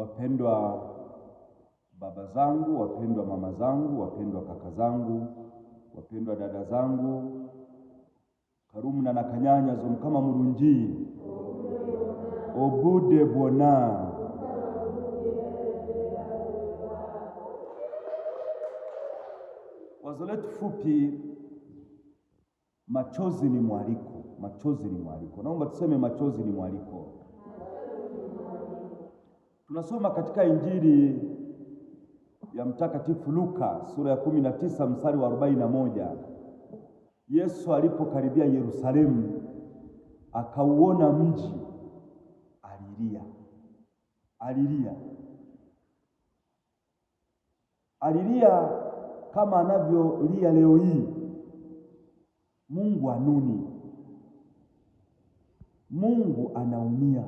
Wapendwa baba zangu, wapendwa mama zangu, wapendwa kaka zangu, wapendwa dada zangu, karumna na kanyanya zo mukama mulungi obude bwona Wazo letu fupi, machozi ni mwaliko. Machozi ni mwaliko, naomba tuseme machozi ni mwaliko. Tunasoma katika Injili ya Mtakatifu Luka sura ya kumi na tisa mstari wa arobaini na moja Yesu alipokaribia Yerusalemu akauona mji, alilia, alilia, alilia kama anavyolia leo hii. Mungu anuni, Mungu anaumia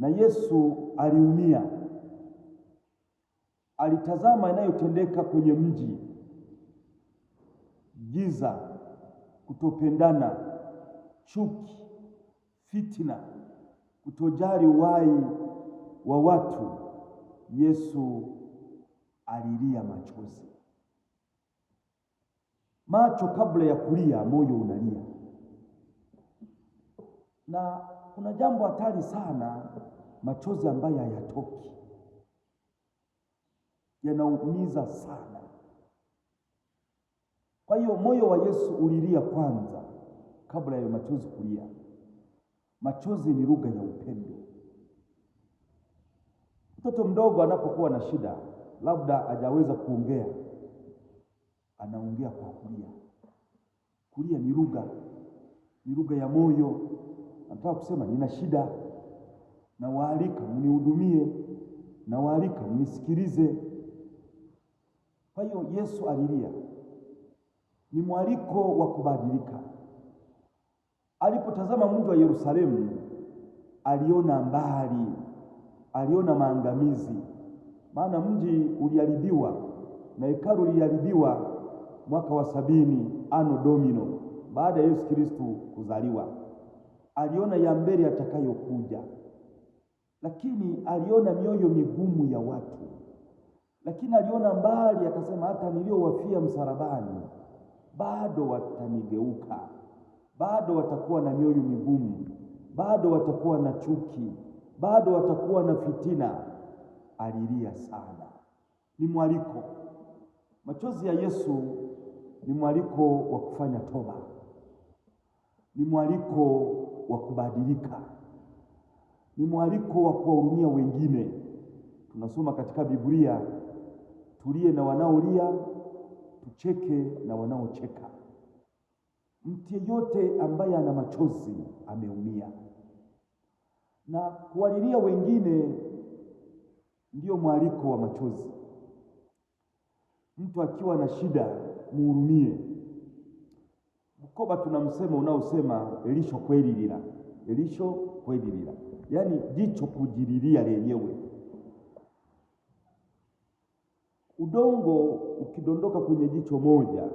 na Yesu aliumia, alitazama yanayotendeka kwenye mji: giza, kutopendana, chuki, fitina, kutojali uhai wa watu. Yesu alilia machozi. Macho kabla ya kulia, moyo unalia, na kuna jambo hatari sana machozi ambayo hayatoki, yanaumiza sana. Kwa hiyo moyo wa Yesu ulilia kwanza kabla ya machozi kulia. Machozi ni lugha ya upendo. Mtoto mdogo anapokuwa na shida, labda hajaweza kuongea, anaongea kwa kulia. Kulia ni lugha, ni lugha ya moyo. Anataka kusema nina shida nawaalika mnihudumie, nawaalika mnisikilize. Kwa hiyo Yesu alilia, ni mwaliko wa kubadilika. Alipotazama mji wa Yerusalemu, aliona mbali, aliona maangamizi, maana mji uliharibiwa na hekalu liliharibiwa mwaka wa sabini ano domino baada ya Yesu Kristo kuzaliwa. Aliona ya mbele yatakayokuja lakini aliona mioyo migumu ya watu, lakini aliona mbali, akasema hata niliowafia msalabani bado watanigeuka, bado watakuwa na mioyo migumu, bado watakuwa na chuki, bado watakuwa na fitina. Alilia sana. Ni mwaliko, machozi ya Yesu ni mwaliko wa kufanya toba, ni mwaliko wa kubadilika ni mwaliko wa kuwahurumia wengine. Tunasoma katika Biblia, tulie na wanaolia, tucheke na wanaocheka. Mtu yeyote ambaye ana machozi ameumia, na kuwalilia wengine ndiyo mwaliko wa machozi. Mtu akiwa na shida muhurumie. Bukoba tuna msemo unaosema elisho kweli lina elisho kwelilira, yaani jicho kujililia lenyewe. Udongo ukidondoka kwenye jicho moja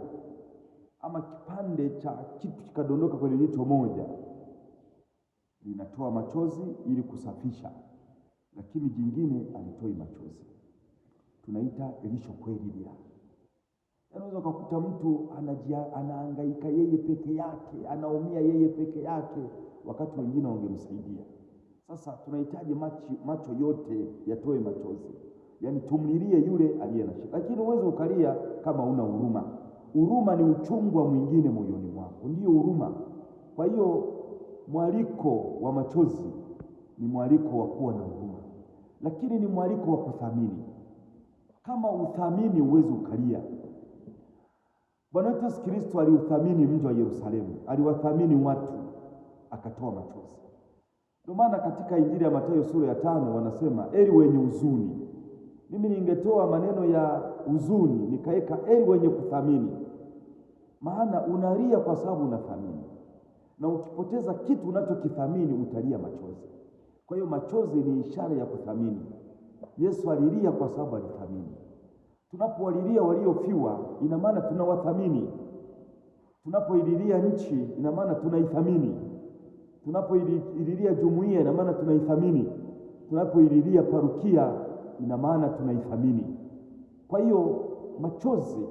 ama kipande cha kitu kikadondoka kwenye jicho moja linatoa machozi ili kusafisha, lakini jingine alitoi machozi. Tunaita elisho kwelilira. Unaweza ukakuta mtu anajia, anaangaika yeye peke yake, anaumia yeye peke yake wakati wengine wangemsaidia. Sasa tunahitaji macho yote yatoe machozi, yaani tumlilie yule aliye na shida, lakini huwezi ukalia kama una huruma. Huruma ni uchungu wa mwingine moyoni mwako, ndio huruma. Kwa hiyo mwaliko wa machozi ni mwaliko wa kuwa na huruma, lakini ni mwaliko wa kuthamini. Kama uthamini, huwezi ukalia. Bwana Yesu Kristo aliuthamini mji wa Yerusalemu, aliwathamini watu akatoa machozi. Ndio maana katika Injili ya Mathayo sura ya tano wanasema eli wenye huzuni. Mimi ningetoa maneno ya huzuni nikaweka eli wenye kuthamini, maana unalia kwa sababu unathamini, na ukipoteza kitu unachokithamini utalia machozi. Kwa hiyo machozi ni ishara ya kuthamini. Yesu alilia kwa sababu alithamini. Tunapowalilia waliofiwa, ina maana tunawathamini. Tunapoililia nchi, ina maana tunaithamini. Tunapoililia jumuiya ina maana tunaithamini, tunapoililia parukia ina maana tunaithamini. Kwa hiyo machozi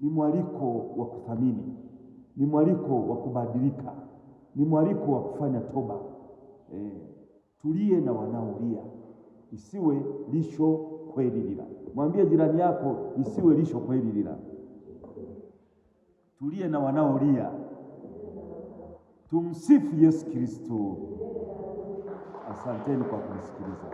ni mwaliko wa kuthamini, ni mwaliko wa kubadilika, ni mwaliko wa kufanya toba. E, tulie na wanaolia, isiwe lisho kweli lila. Mwambie jirani yako, isiwe lisho kweli lila. Tulie na wanaolia. Tumsifu Yesu Kristo. Asanteni kwa kunisikiliza.